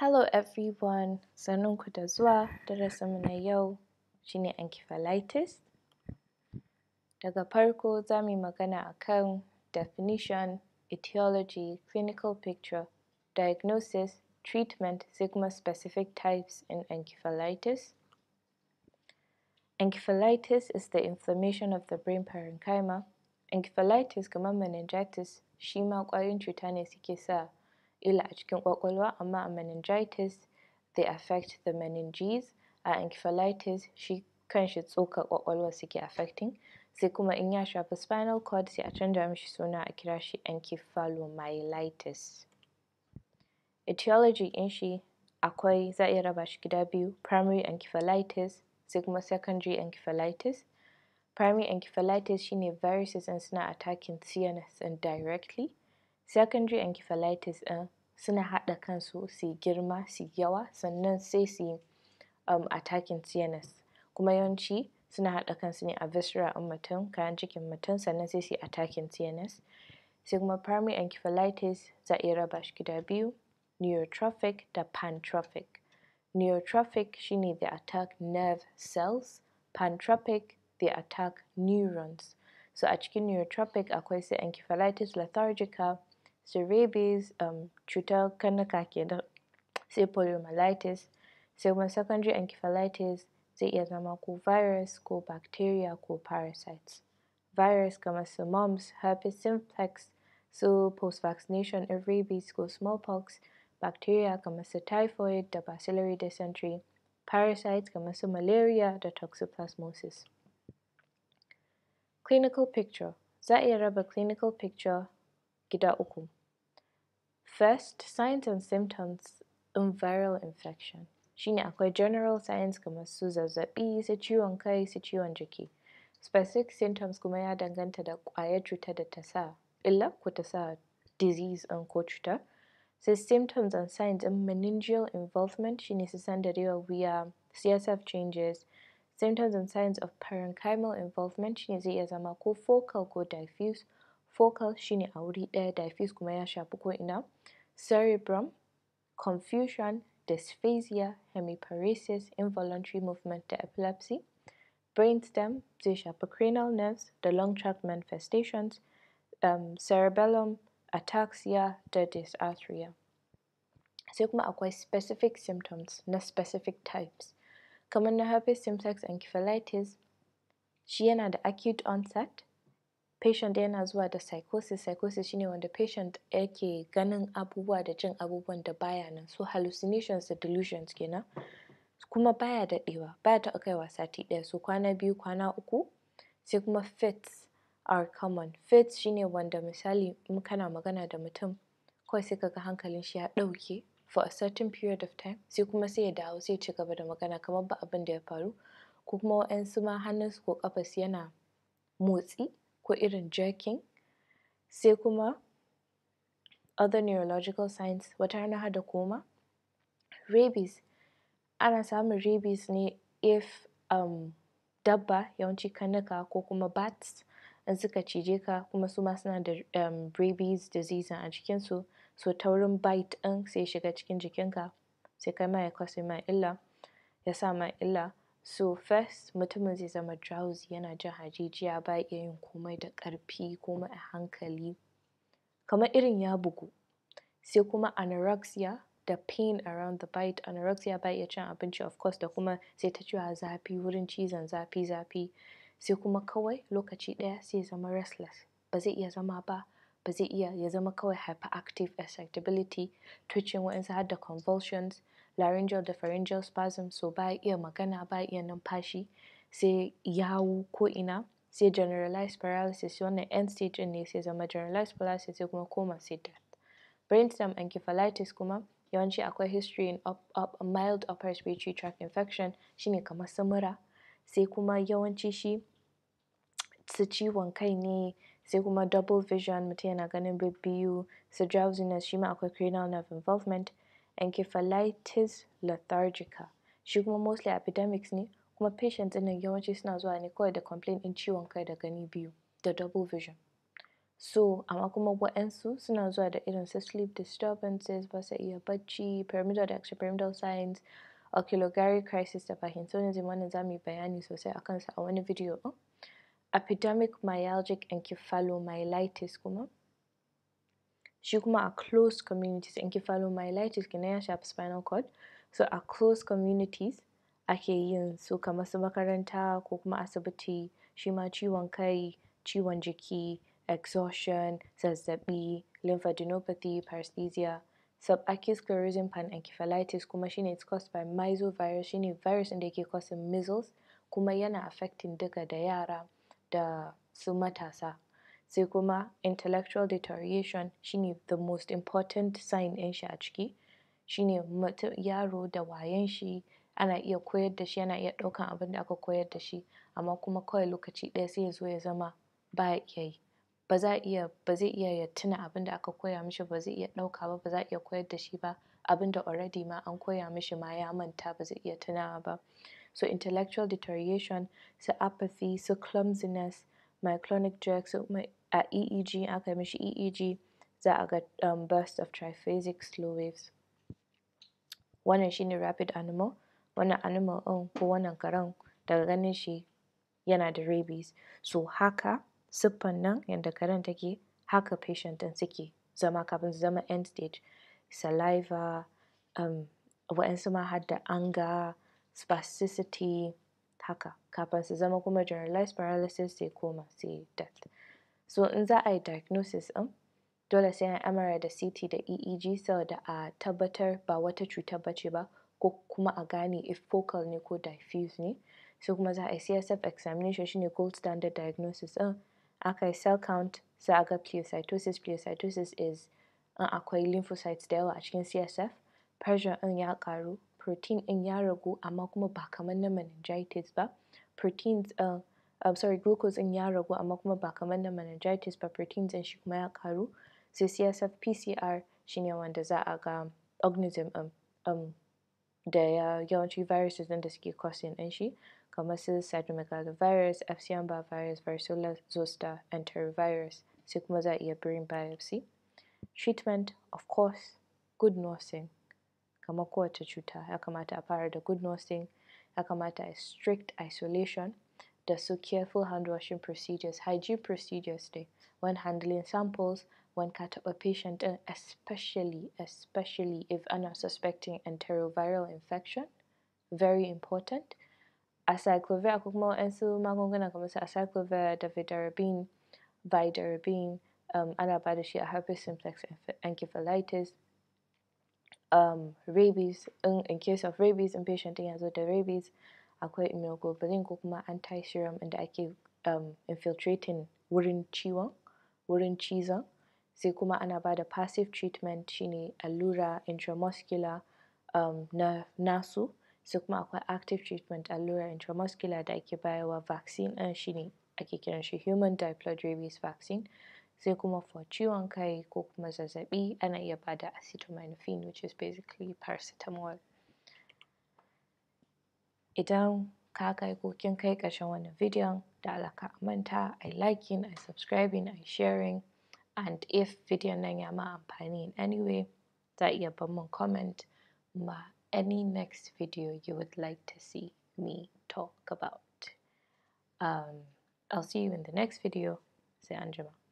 Hello everyone, ku da zuwa darasinmu na yau shi ne encephalitis. Daga farko za mu yi magana a definition, etiology, clinical picture, diagnosis, treatment, sigma specific types in encephalitis. Encephalitis is the inflammation of the brain parenchyma. Encephalitis kamar meningitis shi ma ƙwayoyin cuta ne suke sa ila a cikin kwakwalwa amma a meningitis they affect the meninges a encephalitis shi kanshi tsokar kwakwalwa suke affecting sai kuma in ya shafi spinal cord sai a canja mishi suna a kira shi encephalomyelitis etiology in shi akwai za a iya raba shi gida biyu primary encephalitis sai kuma secondary encephalitis primary encephalitis shine viruses in suna attacking CNS and directly. Secondary encephalitis ɗin suna haɗa kansu su yi girma su yi yawa sannan sai su yi um, attacking CNS kuma yawanci suna haɗa kansu ne a visceral ɗin mutum kayan cikin mutum sannan sai su yi attacking CNS sai kuma primary encephalitis za a iya raba shi gida biyu neurotrophic da pantrophic neurotrophic shine they attack nerve cells pantrophic they attack neurons so a cikin neurotrophic akwai sai encephalitis lethargica so rabies, um, cutar karnuka kenan poliomyelitis sai secondary encephalitis zai iya zama virus ko bacteria ko parasites virus kama su mumps herpes simplex so post vaccination of rabies ko smallpox bacteria kama su typhoid da bacillary dysentery parasites kama su malaria da toxoplasmosis clinical picture za a clinical picture gida ukum. First, signs and symptoms in viral infection shine akwai general signs kamar su zazzaɓi, su ciwon kai, su ciwon jiki. Specific symptoms kuma ya danganta da ƙwayar cutar da tasa illa ko ta sa disease ɗin ko cuta. Sai symptoms and signs ɗin meningeal involvement shine su sandarewar wuya, CSF changes, symptoms and signs of parenchymal involvement shine zai iya zama ko focal ko diffuse. Focal shine a wuri ɗaya, diffuse kuma ya shafi ko ina. cerebrum, confusion, dysphasia, hemiparesis, involuntary movement to epilepsy, brainstem, the sacroprenal nerves, the long tract manifestations, um, cerebellum, ataxia, the dysarthria. Sai kuma akwai specific symptoms not specific types. Common herpes simplex encephalitis, She had an acute onset, patient yana zuwa da psychosis psychosis shine wanda patient yake ganin abubuwa da jin abubuwan da baya nan so hallucinations da delusions kenan kuma baya daɗewa baya ta kaiwa sati ɗaya so kwana biyu kwana uku sai kuma fits are common fits shine wanda misali in kana magana da mutum kawai sai kaga hankalin shi ya ɗauke for a certain period of time sai kuma sai ya dawo sai ya ci gaba da magana kamar ba abin da ya faru ko kuma waɗansu ma hannun su ko kafas yana motsi ko irin jerking sai kuma other neurological signs wata rana hada da koma rabies ana samun rabies ne if um, dabba yawanci kanaka ko kuma bats in suka cije ka kuma su ma suna da um, rabies disease a jikinsu so taurin bite ɗin sai shiga cikin jikinka sai kai ma ya kwasai ma illa ya sa ma illa So first mutumin zai zama drowsy yana jin hajijiya ba iya yin komai da ƙarfi komai a hankali kamar irin ya bugu. Sai kuma anorexia da pain around the bite, anorexia ba iya cin abinci of course da kuma sai ta cewa zafi wurin cizon zafi zafi. Sai kuma kawai lokaci ɗaya sai zama restless ba zai iya zama ba ba zai iya ya zama kawai hyperactive excitability, twitching waɗansu har da convulsions. laryngeal da pharyngeal spasm so ba iya magana ba iya numfashi sai yawu ko ina sai generalized paralysis wannan end stage ne sai zama generalized paralysis sai kuma koma sai death brainstem encephalitis kuma yawanci akwai history in up, up, mild upper respiratory tract infection shine kamar samura sai kuma yawanci shi su ciwon kai ne sai kuma double vision mutum yana ganin biyu su drowsiness shi ma akwai cranial nerve involvement encephalitis lethargica shi kuma mostly epidemics ne kuma patients ɗin yawanci suna zuwa ne kawai da complaint ɗin ciwon kai da gani biyu da double vision so amma kuma waɗansu suna zuwa da irin su sleep disturbances ba sa iya bacci pyramidal da extrapyramidal signs oculogary crisis da parkinsonism wannan za mu yi bayani sosai a kansa a wani video ɗin epidemic myalgic encephalomyelitis kuma shi kuma a closed communities encephalomyelitis kenan ya shafi spinal cord so a closed communities ake yin su kamar su makaranta ko kuma asibiti shi ma ciwon kai ciwon jiki exhaustion zazzabi lymphadenopathy paresthesia subacute pan panencephalitis kuma shine it's caused by myxovirus shine virus inda yake causing measles kuma yana affecting duka da yara da su matasa sai kuma intellectual deterioration shine the most important sign in shi a ciki shine yaro da wayon shi ana iya koyar da shi yana iya ɗaukan abin da aka koyar da shi amma kuma kawai lokaci ɗaya sai ya zo ya zama ba ya iya yi ba za iya ba zai iya ya tuna abin da aka koya mishi ba zai iya ɗauka ba ba za iya koyar da shi ba abin da already ma an koya mishi ma ya manta ba zai iya tunawa ba so intellectual deterioration su apathy su clumsiness myoclonic jerk su a EEG aka mishi EEG za a ga um, burst of triphasic slow waves wannan shine rapid animal wannan animal ɗin ko wannan karen daga ganin shi yana da rabies so haka siffan nan yadda karen take haka patient ɗin suke zama kafin su zama end stage saliva um, waɗansu ma har da anger spasticity haka kafin su zama kuma generalized paralysis sai koma sai death so in za a yi diagnosis ɗin dole sai an MRI da CT da EEG da a tabbatar ba wata cuta ba ce ba ko kuma a gane if focal ne ko diffuse ne so kuma za a yi CSF examination shine gold standard diagnosis ɗin aka yi cell count za a ga pleocytosis pleocytosis is an akwai lymphocytes da yawa a cikin CSF pressure ɗin ya karu protein ɗin ya ragu amma kuma ba kamar na meningitis ba proteins ɗin um, sorry glucose in ya ragu amma kuma ba kamar na meningitis ba protein din shi kuma ya karu sai CSF PCR shine wanda za a ga organism um, um, da ya yawanci viruses din da suke causing din shi kamar su cytomegalovirus, Epstein-Barr virus, varicella zoster, enterovirus sai kuma za a iya brain biopsy. Treatment of course good nursing kamar kowace cuta ya kamata a fara da good nursing ya kamata a strict isolation does so careful hand washing procedures, hygiene procedures when handling samples, when cut up a patient, and especially, especially if unsuspecting enteroviral infection. Very important. Acyclovir akukmo ensu magungana kamasa acyclovir davidarabine, vidarabine, um, ana bada herpes simplex encephalitis, um, rabies, in, in case of rabies, in patient the rabies, akwai immunoglobulin ko kuma anti serum inda ake um, infiltrating wurin ciwon wurin cizon sai kuma ana ba da passive treatment shine allura intramuscular um, na nasu sai kuma akwai active treatment allura intramuscular da ake bayarwa vaccine ɗin shine ake kiran shi human diploid rabies vaccine sai kuma for ciwon kai ko kuma zazzaɓi ana iya ba da acetaminophen which is basically paracetamol idan ka kai ko kin kai ƙarshen wannan bidiyon da Allah ka manta i liking i subscribing i sharing and if video nan ya ma amfani in any way za iya bar min comment ma any next video you would like to see me talk about um, I'll see you in the next video say anjuma